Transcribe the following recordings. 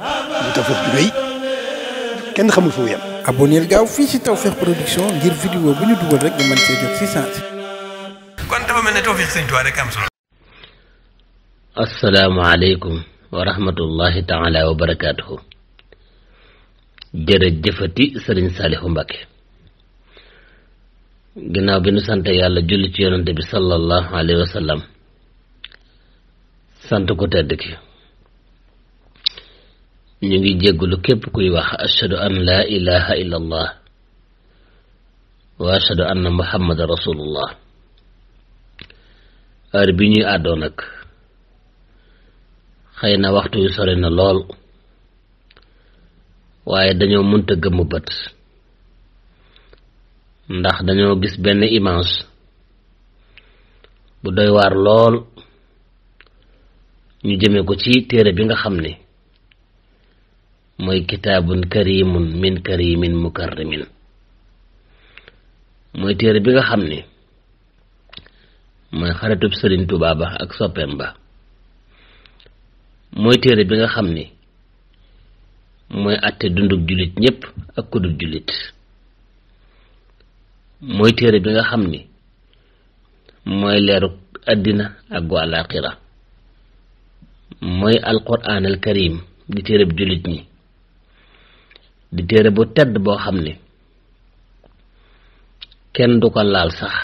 muy Tawfekh ju rëy kenn xamul fu mu gaaw fii ci Tawfekh Production ngir vidéo bu ñu dugal rek nga mën see ginnaaw bi sant yàlla julli ci yonante sant ko tedd ki ñu ngi jéggalu képp kuy wax ashhadu an laa ilaha illa allah wa ashhadu anna muhammadan rasulullah heure bi ñuy àddoo nag xëy na waxtu yu sore na lool waaye dañoo mënta gëmm bët ndax dañoo gis benn image bu doy waar lool ñu jëme ko ci téere bi nga xam ni mooy kitaabun karimun min karimin mukarramin mooy téere bi nga xam ne mooy xaritub sëriñ Tuubaa ba ak soppeem ba mooy téere bi nga xam ni mooy àtte dundub jullit ñépp ak kudub jullit mooy téere bi nga xam ni mooy leeru àddina ak gu àllaaxira mooy alquraan al karim di téereb jullit ñi di téere bu tedd boo xam ni kenn du ko laal sax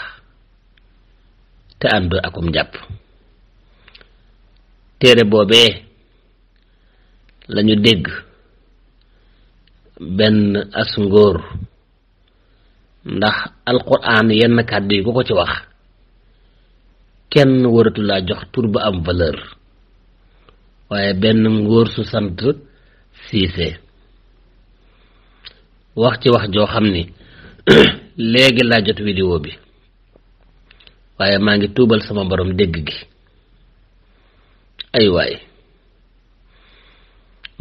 te àndul akum jàpp téere boobee lañu dégg benn as ngóor ndax alquran yenn kàddu yi ku ko ci wax kenn waratu laa jox tur ba am valeur waaye benn ngóor su sant siise wax ci wax joo xam ni léegi laa jot vidéo bi waaye maa ngi tuubal sama boroom dégg gi ay waay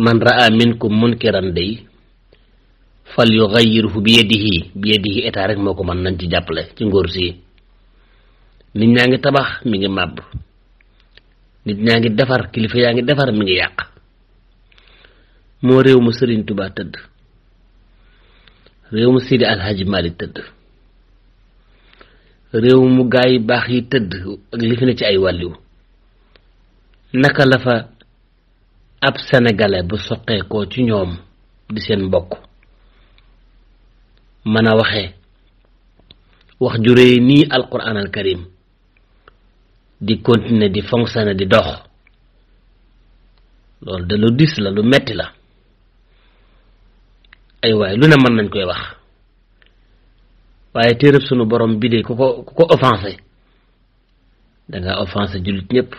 man raa minkum munkiran day fal yugayyirhu bi yadihi bi yadihi état rek moo ko mën nañ ci jàppale ci ngóor si nit ñaa ngi tabax mi ngi màbb nit ñaa ngi defar kilifa yaa ngi defar mi ngi yàq moo réew mu Sëriñ tubaa tëdd réew mu Sidi Alhaji tëdd réew mu gaa yi baax yi tëdd ak li ci ay wàlliw naka la fa ab sénégalais bu soqeekoo ci ñoom di seen mbokk mën a waxe wax ju réy nii alquran al karim di continuer di fonctionner di dox loolu de lu dis la lu metti la ay waay lu ne mën nañ koy wax waaye téereb sunu borom bi de ku ko ku ko offensé danga offensé jullit ñépp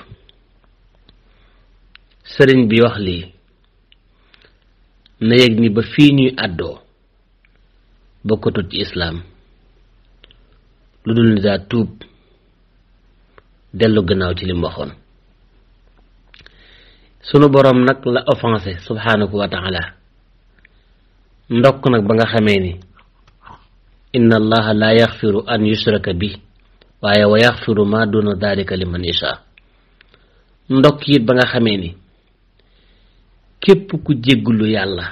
sëriñ bi wax lii na yëg ni ba fii ñuy àddoo bokkatut ci islaam lu dul ni daa tuub dellu gannaaw ci lim waxoon sunu borom nag la offensé subhanahu wa ndokk nag ba nga xamee ni inna allaha laa yaxfiru an yushraka bi waaye wa yaxfiru ma duna dalika liman isha ndokk it ba nga xamee ni képp ku jéggulu yàlla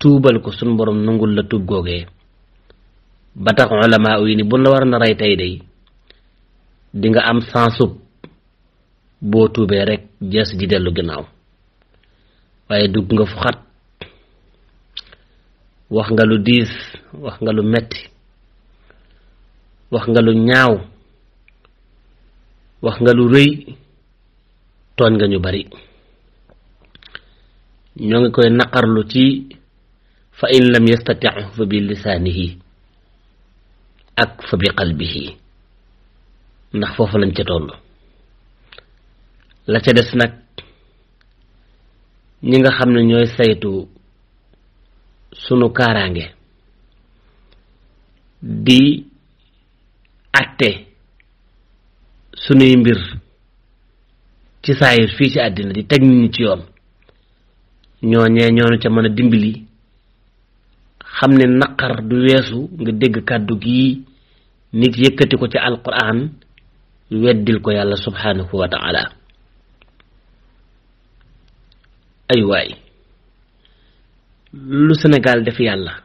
tuubal ko suñ boroom nangul la tuub googee ba tax ulamaa yi ni bu la war na rey tey day di nga am sansub boo tuubee rek jees ji dellu ginnaaw waaye dugg nga fu xat wax nga lu diis wax nga lu metti wax nga lu ñaaw wax nga lu rëy tooñ nga ñu bari ñoo ngi koy naqarlu ci fa in lam yastati fa bi lisaanihi ak fa bi qalbihi ndax foofu lañ ca toll la ca des nag ñi nga xam ne ñooy saytu sunu kaaraange di atte sunuy mbir ci saayir fii ci àddina di teg nit ñi ci yoon ñoo ñooñee ñoonu ca mën a dimbali xam ne naqar du weesu nga dégg kàddu gi nit yëkkati ko ci alquran weddil ko yàlla subhanahu wa taala ay waay lu senegaal def yàlla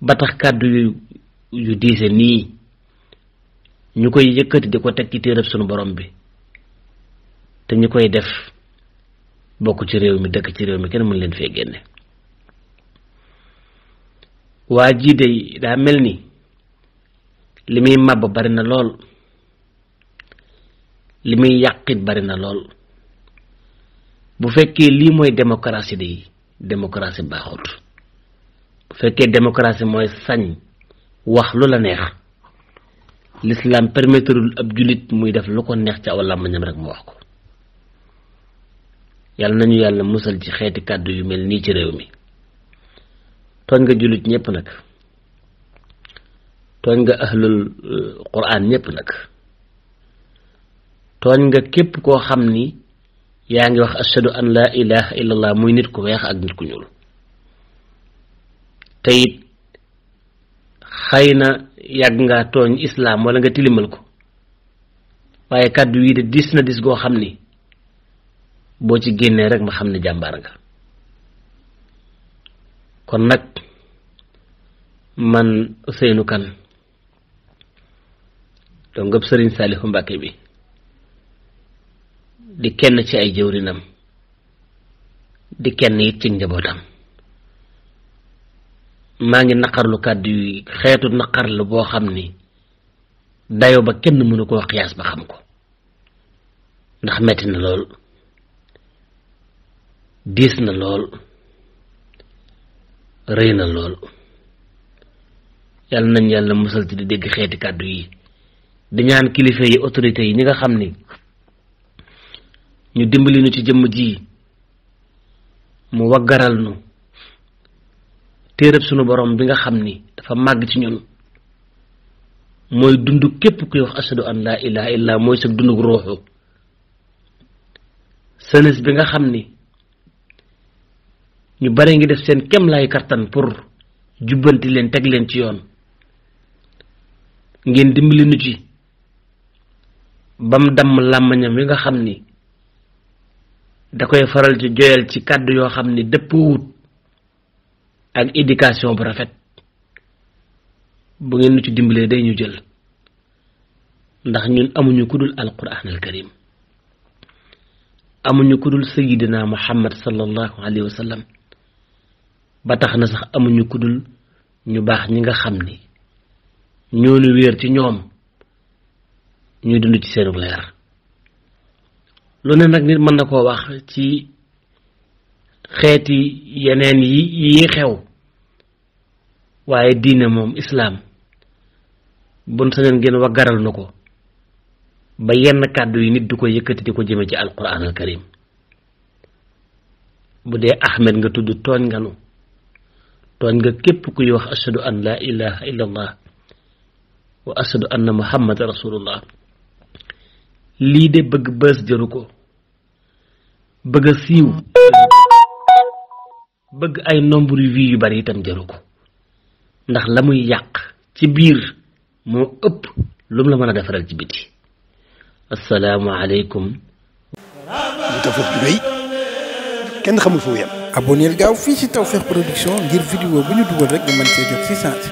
ba tax kàddu yu diise nii ñu koy yëkkati di ko teg ci téereb sunu borom bi te ñu koy def bokk ci réew mi dëkk ci réew mi kenn mën leen fee génne waa jii de daa mel ni li muy màbb bari na lool li muy yàqit bari na lool bu fekkee lii mooy démocratie de yi démocratie baaxut bu fekkee démocratie mooy sañ wax lu la neex l'islam permettrul ab jullit muy def lu ko neex ci aw làmmiñam rek mu wax ko yàlla nañu yàlla musal ci xeeti kàddu yu mel nii ci réew mi tooñ nga jullit ñépp nag tooñ nga ahlul euh, quraan ñépp nag tooñ nga képp koo xam ni yaa ngi wax ashadu an laa ilaha illallah muy nit ku weex ak nit ku ñuul te it xëy na yàgg nga tooñ islaam walla nga tilimal ko waaye kàddu yii de dis na dis goo xam ni boo ci génnee rek ma xam ne jàmbaar nga kon nag man Ousseynou Kane dongab Sëriñ Saalihu Mbàkke bi di kenn ci ay jëwrinam di kenn it ci njabootam maa ngi naqarlu kàddu yi xeetu naqar la boo xam ni dayo ba kenn mënu koo xiyaas ba xam ko ndax metti na lool diis na lool rëy na lool yàlla nañ yàlla mësal ci di dégg xeeti kàddu yi di ñaan kilifa yi autorité yi ñi nga xam ni ñu dimbali nu ci jëmm ji mu waggaral nu téereb sunu borom bi nga xam ni dafa màgg ci ñun mooy dund képp kuy wax ashadu an laa ilaha illa mooy sa dundug ruuxu sënis bi nga xam ni ñu bare ngi def seen kem lay kattan pour jubbanti leen teg leen ci yoon ngeen dimbali nu ci bam damm làmmiñam wi nga xam ni da koy faral ci joyal ci kàddu yoo xam ne dëppwut ak éducation bu rafet bu ngeen nu ci dimbalee day ñu jël ndax ñun amuñu ku dul alquran al karim amuñu ku dul sayidina muhammad sallallahu alayhi wa sallam ba tax na sax amuñu ku ñu baax ñi nga xam ni ñoo nu wéer ci ñoom ñuy dund ci seenu leer lu ne nag nit mën na koo wax ci xeeti yeneen yi yi xew waaye diine moom islaam bun sañoon ngeen waggaral na ko ba yenn kàddu yi nit du ko yëkkati di ko jëme ci alquran al karim bu dee ahmed nga tudd tooñ nga nu tooñ nga képp kuy wax ashadu an laa ilaha illa allah wa ashadu anna muhammad rasulullah lii de bëgg bës jëru ko bëgg a ay nombre vie yu bari itam jëru ko ndax la muy yàq ci biir moo ëpp lu mu la mën a defaral ci biti asalaamaaleykum mu tawfeex ju rëy kenn xamul fu mu yem gaaw fii ci Tawfekh Production ngir vidéo bu ñu dugal rek nga mën see jot si sens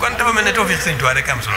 kon dafa mel ne Tawfekh Sëriñ Tuubaa rek am solo